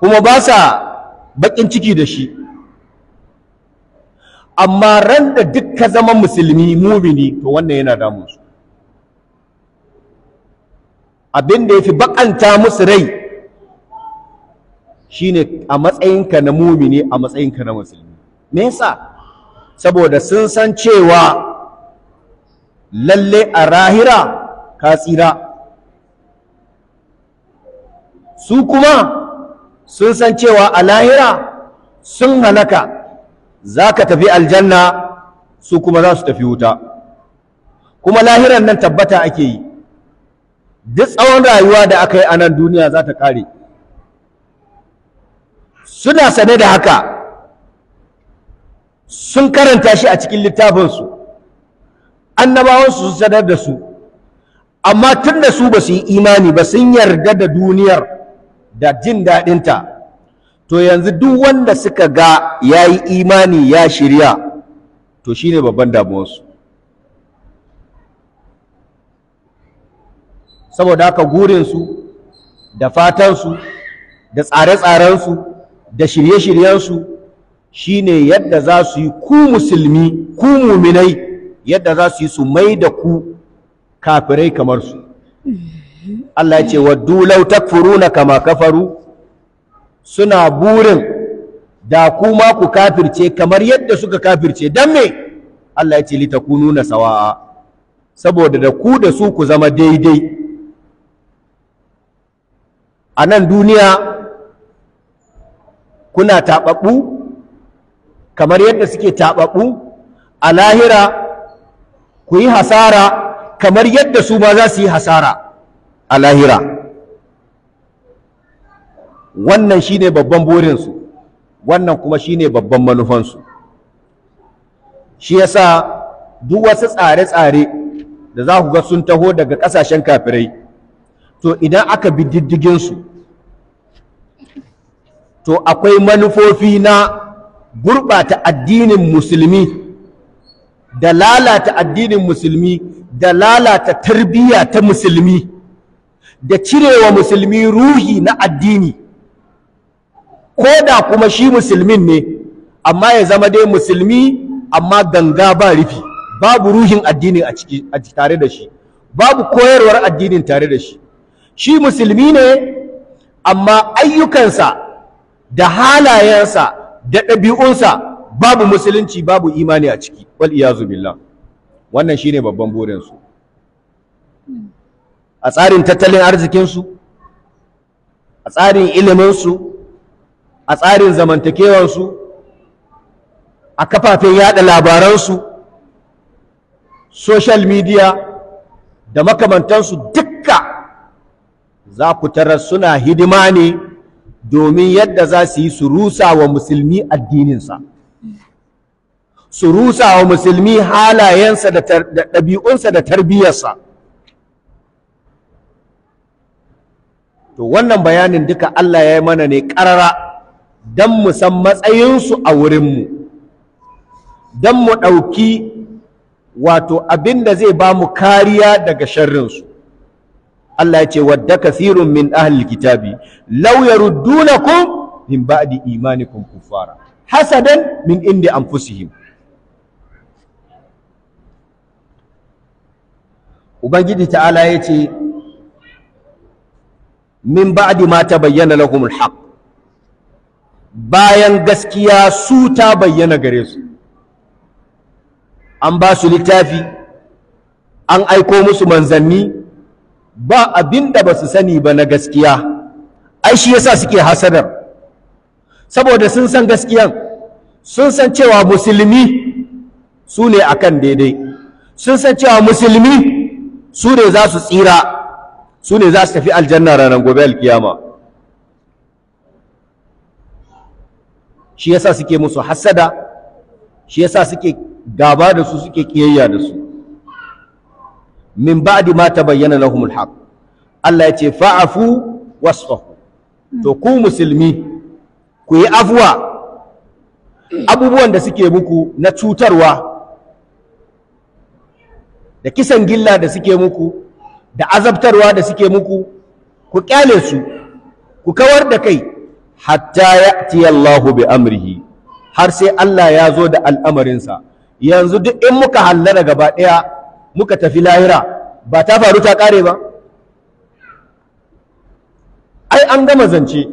kuma ba sa baƙin ciki da shi amma ran da duk zaman zama musulmi mumini to wannan yana damun su abin da ya fi baƙanta musu rai shine a matsayinka na mumini a matsayinka na musulmi me yasa saboda sun san cewa lalle a rahira ka tsira su kuma sun san cewa a lahira sun halaka za ka tafi aljanna su kuma za su tafi wuta kuma lahiran nan tabbata ake yi duk tsawon rayuwa da aka yi anan nan duniya za ta kare. suna sane da haka sun karanta shi a cikin littafinsu annabawansu sun sanar da su amma tun da su ba su yi imani ba sun yarda da duniyar da jin daɗinta to yanzu duk wanda suka ga ya yi imani ya shirya to shi ne babban damuwarsu saboda haka gurinsu da fatansu da tsare-tsarensu da shirye-shiryensu shi ne yadda za su yi ku musulmi ku muminai yadda za su yi su mai da ku kafirai kamar su Allah ya ce waddu dulau takfuruna kama kafaru suna burin da kuma ku kafirce kamar yadda suka kafirce dan me Allah ya ce litakununa sawa'a saboda da ku da su ku zama daidai a nan duniya kuna taɓaɓɓu kamar yadda suke taɓaɓɓu a lahira ku yi hasara kamar yadda su ma za su yi hasara a lahira wannan shine babban burinsu wannan kuma shine babban manufansu shi yasa duk wasu tsare-tsare da za ku ga sun taho daga ƙasashen kafirai to idan aka bi diddiginsu to akwai manufofi na gurɓata addinin musulmi da lalata addinin musulmi da lalata tarbiyya ta musulmi da cirewa musulmi ruhi na addini ko da kuma shi musulmin ne amma ya zama dai musulmi amma ganga ba rufi babu ruhin addini a ciki tare da shi babu koyarwar addinin tare da shi shi musulmi ne amma ayyukansa da halayensa da ɗabi'unsa babu musulunci babu imani a ciki wal iyazu billah wannan shine babban burinsu a tsarin tattalin arzikinsu a tsarin iliminsu a tsarin zamantakewarsu a kafafen yada labaransu social media da makamantansu dukka za ku tarar suna hidima ne domin yadda za su yi su rusa wa musulmi addininsa su rusa wa musulmi halayensa da ɗabi'unsa da tarbiyyarsa to wannan bayanin duka Allah ya yi mana ne ƙarara don mu san matsayinsu a wurinmu don mu ɗauki wato abin da zai ba mu kariya daga sharrinsu Allah ya ce wadda kasirun min ahal kitabi law yaruddunakum min ba'di kun kufara hasadan min indi anfusihim ubangiji ta'ala ya ce min ba'di ma tabayyana lahumul haq bayan gaskiya su ta bayyana gare su an ba su littafi an aiko musu manzanni ba abinda ba su sani ba na gaskiya ai shi yasa suke hasadar saboda sun san gaskiyan sun san cewa musulmi su ne akan daidai sun san cewa musulmi su ne za su tsira su ne za su tafi aljanna ranar gobe alkiyama shi yasa suke musu hasada shi yasa suke gaba da su suke kiyayya da su min ba'di ma tabayyana lahumul haq. Allah ya ce fa'afu wasfahu to ku musulmi ku yi afuwa, abubuwan da suke muku na cutarwa da kisan gilla da suke muku da azabtarwa da suke muku ku kyale su ku kawar da kai hatta ya'ti Allahu bi amrihi har sai Allah ya zo da al'amarinsa yanzu duk in muka hallara gaba daya muka tafi lahira ba ta faru ta ƙare ba ai an gama zance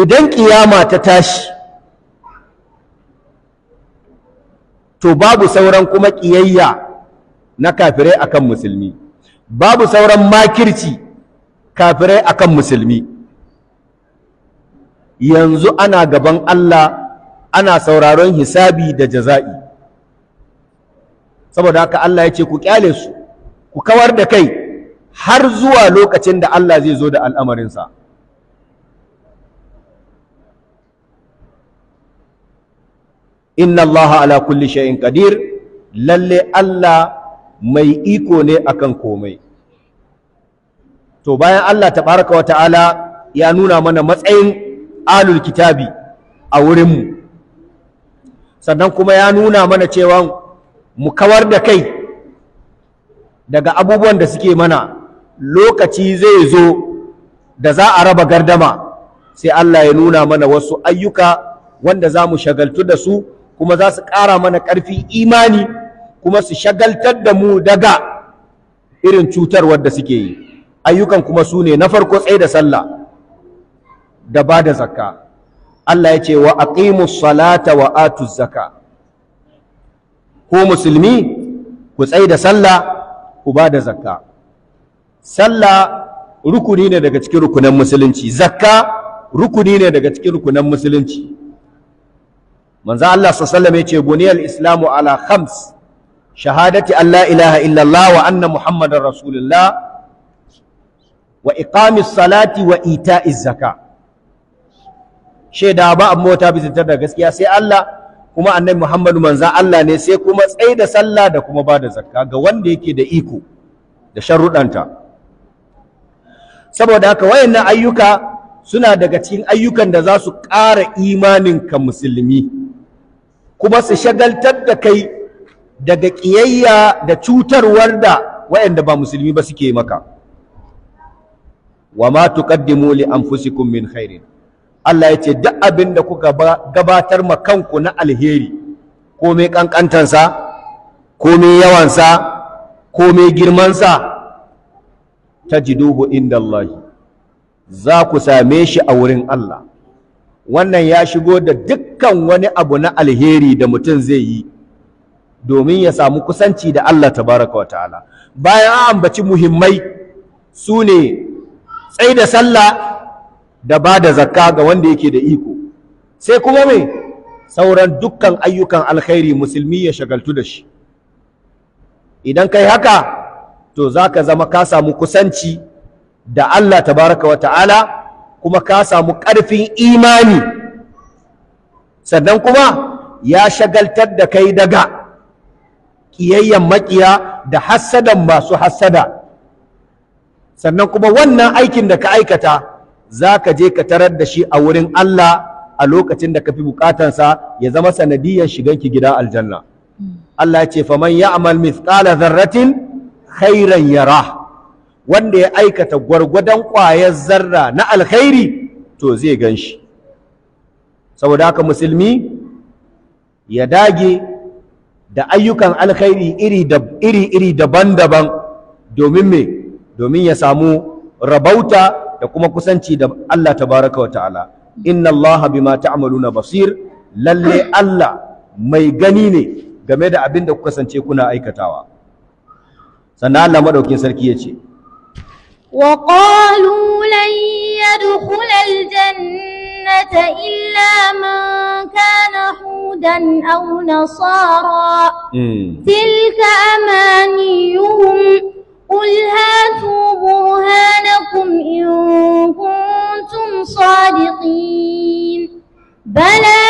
idan ƙiyama ta tashi to babu sauran kuma ƙiyayya na kafirai akan musulmi babu sauran makirci kafirai akan musulmi yanzu ana gaban Allah ana sauraron hisabi da jaza'i saboda haka Allah ya ce ku kyale su ku kawar da kai har zuwa lokacin da Allah zai zo da al'amarinsa inna Allah ala kulli shay'in qadir lalle Allah mai iko ne akan komai to bayan Allah baraka wa ta'ala ya nuna mana matsayin alul kitabi a wurinmu sannan kuma ya nuna mana cewa mu kawar da kai daga abubuwan da suke mana lokaci zai zo da za a raba gardama sai Allah ya nuna mana wasu ayyuka wanda za mu shagaltu da su kuma za su ƙara mana ƙarfi imani kuma su shagaltar da mu daga irin cutarwar da suke yi ayyukan kuma su ne na farko tsaye da sallah da ba da zakka Allah ya ce wa aqimu salata wa zakka ko musulmi ku tsaye da sallah ku ba da zakka sallah rukuni ne daga cikin rukunan musulunci zakka rukuni ne daga cikin rukunan musulunci manzo Allah sallallahu alaihi wasallam ya ce buniyal islamu ala khams shahadati Allah ilaha illallah wa anna muhammadar rasulullah wa iqamis salati wa ita'iz zaka shaida ba amma wata bisa da gaskiya sai Allah kuma annabi Muhammadu manzan Allah ne sai kuma tsaye da sallah da kuma ba da zakka ga wanda yake da iko da sharuɗanta saboda haka wayannan ayyuka suna daga cikin ayyukan da za su ƙara imaninka musulmi kuma su shagaltar da kai daga ƙiyayya da cutarwar da waɗanda ba musulmi ba suke maka wa ma tuqaddimu li anfusikum min khairin Allah yace duk abin da kuka gabatar ma kanku na alheri komai kankantansa komai yawansa girman girmansa tajiduhu inda Allah za ku same shi a wurin Allah wannan ya shigo da dukkan wani abu na alheri da mutum zai yi domin ya samu kusanci da Allah wa ta'ala bayan an ambaci muhimmai su ne tsaye da sallah da ba da zakka ga wanda yake da iko sai kuma mai sauran dukkan ayyukan alkhairi musulmi ya shagaltu da shi idan kai haka to za ka zama ka samu kusanci da Allah wa ta'ala kuma ka samu ƙarfin imani sannan kuma ya shagaltar da kai daga Kiyayyen maƙiya da hassadan masu hassada sannan kuma wannan aikin da ka aikata za ka je ka tarar da shi a wurin Allah a lokacin da ka fi bukatansa ya zama sanadiyar shiganki gida aljanna Allah ya ce faman ya'mal mithqala dharratin khairan yara wanda ya aikata gwargwadon ƙwayar zarra na alkhairi to zai ganshi saboda haka musulmi ya dage da ayyukan alkhairi iri-iri daban-daban domin me domin ya samu rabauta da kuma kusanci da Allah tabaraka wa ta'ala inna Allah bima ta'maluna basir lalle Allah mai gani ne game da abin da ku kasance kuna aikatawa sannan Allah madaukin sarki yace wa qalu lan yadkhula aljanna الجنة إلا من كان حودا أو نصارا تلك أمانيهم قل هاتوا برهانكم إن كنتم صادقين بلى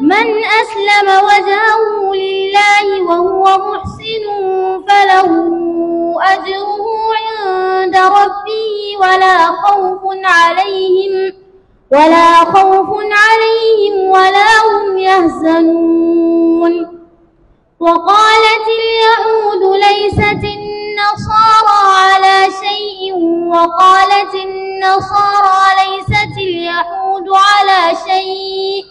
من أسلم وجهه لله وهو محسن فله أجره عند ربه ولا خوف عليهم ولا خوف عليهم ولا هم يهزنون وقالت اليهود ليست النصارى على شيء وقالت النصارى ليست اليهود على شيء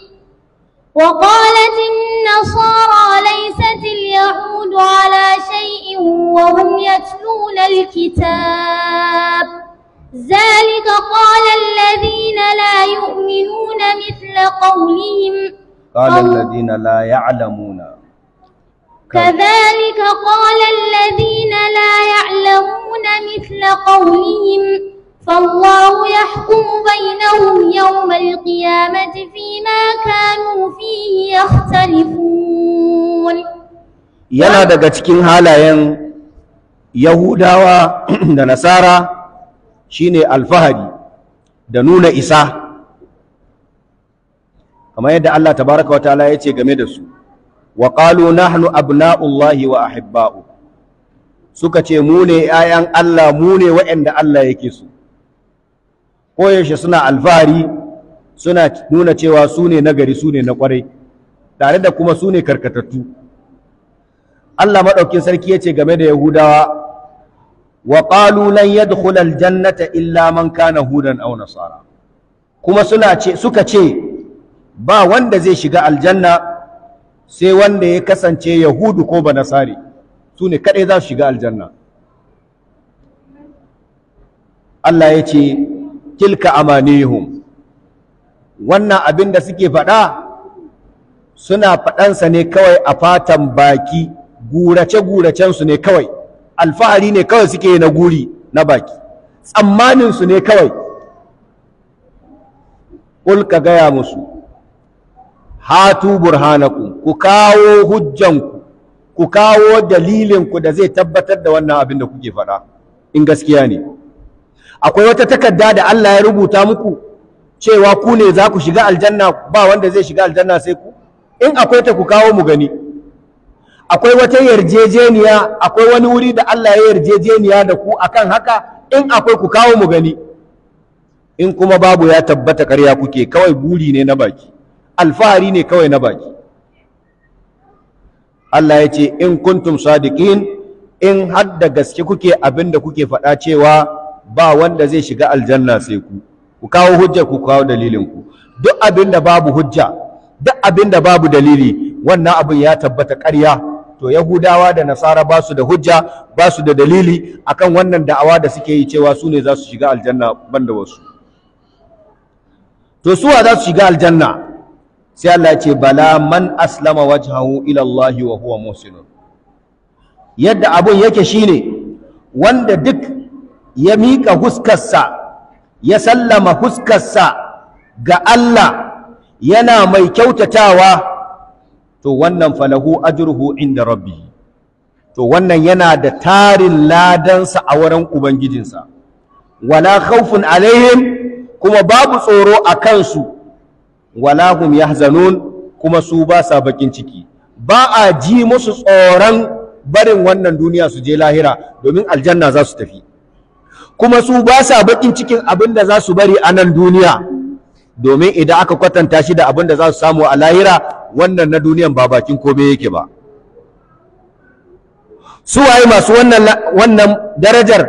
وقالت النصارى ليست اليهود على شيء وهم يتلون الكتاب ذلك قال الذين لا يؤمنون مثل قولهم قال الذين لا يعلمون كذلك قال الذين لا يعلمون مثل قولهم فالله يحكم بينهم يوم القيامة فيما كانوا فيه يختلفون يلا daga cikin halayen يهودا da shine alfahari da nuna isa kamar yadda Allah tabaraka wataala ya ce game da su wa qalu nahnu abna'ullahi wa ahibba'u suka ce mu ne 'ya'yan Allah mu ne waɗanda Allah yake su koyaushe suna alfahari suna nuna cewa su ne nagari su ne na kwarai tare da kuma su ne karkatattu Allah maɗaukin sarki ya ce game da Yahudawa wa qalu lan yadkhul aljannata illa man kana hudan au nasara kuma suka ce ba wanda zai shiga aljanna sai wanda ya kasance yahudu ko banasari su ne kaɗai za su shiga aljanna Allah ya ce tilka amanihum wannan abin da suke faɗa suna faɗansa ne kawai a fatan baki gurace-guracensu ne kawai alfahari ne kawai suke na guri na baki tsammaninsu ne kawai ka gaya musu hatu burhanaku ku kawo hujjanku ku kawo dalilinku da zai tabbatar da wannan abin da kuke faɗa in gaskiya ne akwai wata takarda da Allah ya rubuta muku cewa ku ne za ku shiga aljanna ba wanda zai shiga aljanna sai ku in akwai ta ku kawo mu gani akwai wata yarjejeniya akwai wani wuri da Allah ya yarjejeniya da ku akan haka in akwai ku kawo mu gani in kuma babu ya tabbata ƙarya kuke kawai buri ne na baki alfahari ne kawai na baki Allah ya ce in kuntum sadiqin in har da gaske kuke abin da kuke faɗa cewa ba wanda zai shiga aljanna sai ku ku kawo hujja ku kawo dalilin ku duk abin da babu hujja duk abin da babu dalili wannan abin ya tabbata ƙarya to yahudawa da nasara ba su da hujja ba su da dalili akan wannan da'awa da suke yi cewa su ne za su shiga aljanna banda wasu to suwa za su shiga aljanna sai Allah ce bala man aslama wajhahu ila Allah wa huwa muhsin yadda abun yake shine wanda duk ya mika huskarsa ya sallama huskarsa ga Allah yana mai kyautatawa to wannan falahu ajruhu inda rabbi to wannan yana da tarin ladansa a wurin ubangijinsa wala khawfun alaihim kuma babu tsoro a kansu wala hum yahzanun kuma su ba sa bakin ciki ba a ji musu tsoron barin wannan duniya su je lahira domin aljanna za su tafi kuma su ba sa bakin cikin abin da za su bari a nan duniya domin idan aka kwatanta shi da abin da za su samu a lahira wannan na duniyan ba bakin komai yake ba su waye masu wannan darajar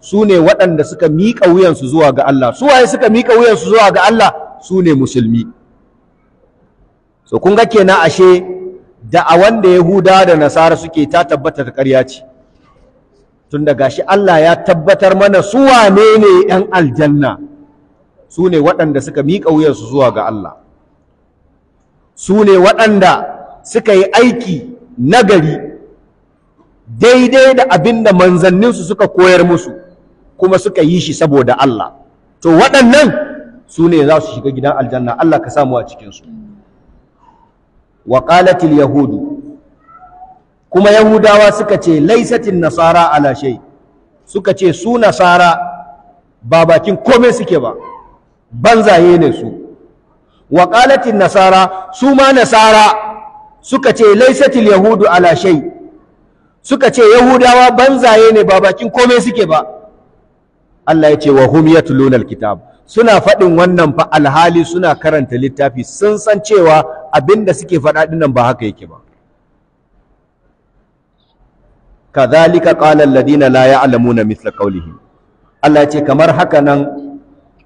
su ne waɗanda suka miƙa wuyansu zuwa ga Allah su waye suka miƙa wuyansu zuwa ga Allah su ne musulmi so kun ga kenan ashe da wanda ya Yahuda da Nasara suke ta tabbatar ta ce tun da gashi Allah ya tabbatar mana su wane ne 'yan aljanna su ne waɗanda suka miƙa wuyansu zuwa ga Allah su ne waɗanda suka yi aiki nagari daidai da abin da manzanninsu suka koyar musu kuma suka yi shi saboda Allah to waɗannan su ne za su shiga gidan aljanna Allah ka samu a cikinsu waƙalatil yahudu kuma yahudawa suka ce laisatin nasara ala shai suka ce su nasara ba bakin komai suke ba banzaye ne su wa nasara su ma nasara suka ce laisatil yahudu ala shay suka ce yahudawa banzaye ne ba bakin komai suke ba Allah ya ce wa hum yatluna alkitab suna faɗin wannan fa alhali suna karanta littafi sun san cewa abinda suke faɗa nan ba haka yake ba kadhalika qala alladhina la ya'lamuna mithla qawlihim Allah ya ce kamar haka nan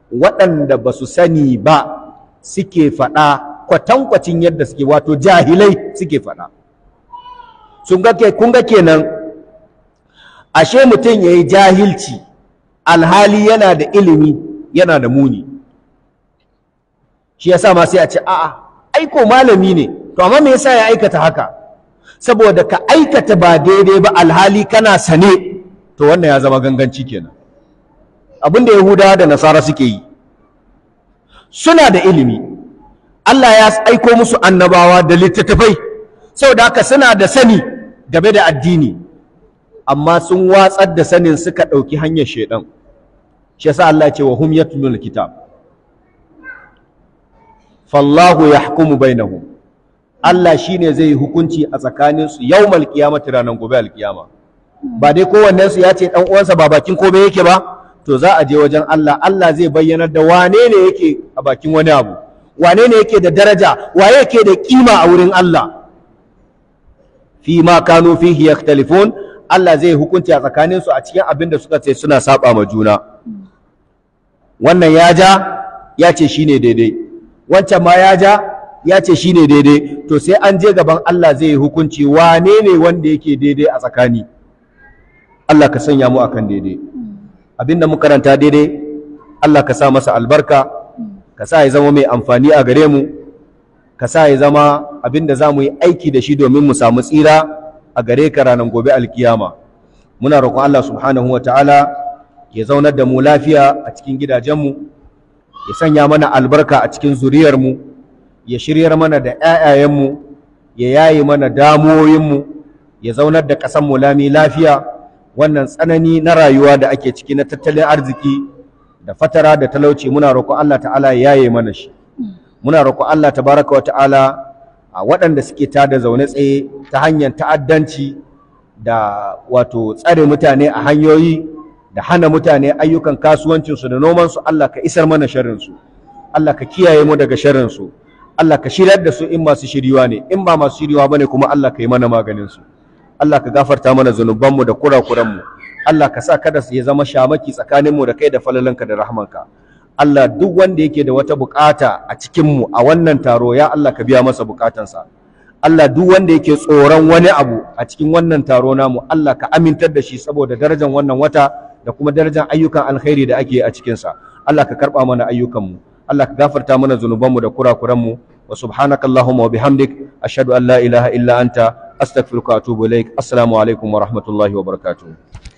waɗanda ba su sani ba suke faɗa kwatankwacin yadda suke wato jahilai suke faɗa sun ga kun ga kenan ashe mutum ya yi jahilci alhali yana da ilimi yana da muni shi yasa ma sai a ce a'a aiko malami ne to amma me yasa ya aikata haka saboda ka aikata ba daidai ba alhali kana sane to wannan ya zama ganganci kenan abin da yahudawa da nasara suke yi suna da ilimi Allah ya aiko musu annabawa da littattafai da haka suna da sani game da addini amma sun watsar da sanin suka ɗauki hanyar shaidan shi yasa Allah ya ce wa hum yatlul kita. fallahu yahkumu bainahum Allah shine zai yi hukunci a tsakanin su yawmal qiyamati ranar gobe alkiyama ba dai kowannensu ya ce dan uwansa ba bakin kobe yake ba to za a je wajen Allah Allah zai bayyanar da wane ne yake a bakin wani abu wane ne yake da daraja waye yake da kima a wurin Allah fi ma kanu fihi yakhtalifun Allah zai hukunci a tsakanin su a cikin abin da suka ce suna saba ma juna wannan ya ja ya ce shine daidai wancan ma ya ja ya ce shine daidai to sai an je gaban Allah zai hukunci wane ne wanda yake daidai a tsakani Allah ka sanya mu akan daidai abinda mu karanta daidai Allah ka sa masa albarka ka sa ya zama mai amfani a gare mu ka sa ya zama abinda za mu yi aiki da shi domin mu samu tsira a gare ka ranar gobe alkiyama muna roƙon Allah subhanahu wa ta'ala ya zaunar da mu lafiya a cikin gidajenmu ya sanya mana albarka a cikin zuriyarmu ya shiryar mana da 'ya'yayenmu ya yaye mana damuwoyinmu ya zaunar da ƙasar mu lami lafiya wannan tsanani na rayuwa da ake ciki na tattalin arziki da fatara da talauci muna roƙon Allah ta'ala ya yaye mana shi muna roƙon Allah tabaraka wa ta'ala a waɗanda suke ta da zaune tsaye ta hanyar ta'addanci da wato tsare mutane a hanyoyi da hana mutane ayyukan kasuwancinsu da nomansu Allah ka isar mana shirinsu. Allah ka kiyaye mu daga shirinsu. Allah ka shiryar da su in masu shiriwa ne in ba masu shiriwa bane kuma Allah ka yi mana maganinsu Allah ka gafarta mana zunubanmu da kurakuranmu Allah ka sa kada ya zama shamaki tsakaninmu da kai da falalanka da rahmanka Allah duk wanda yake da wata bukata a cikinmu a wannan taro ya Allah ka biya masa bukatansa Allah duk wanda yake tsoron wani abu a cikin wannan taro namu Allah ka amintar da shi saboda darajar wannan wata da kuma darajar ayyukan alkhairi da ake a cikinsa Allah ka karba mana ayyukanmu Allah ka gafarta mana zunubanmu da kurakuranmu wa subhanakallahumma wa bihamdik ashhadu an la ilaha illa anta astaghfiruka wa atubu ilaik assalamu alaikum wa rahmatullahi wa barakatuh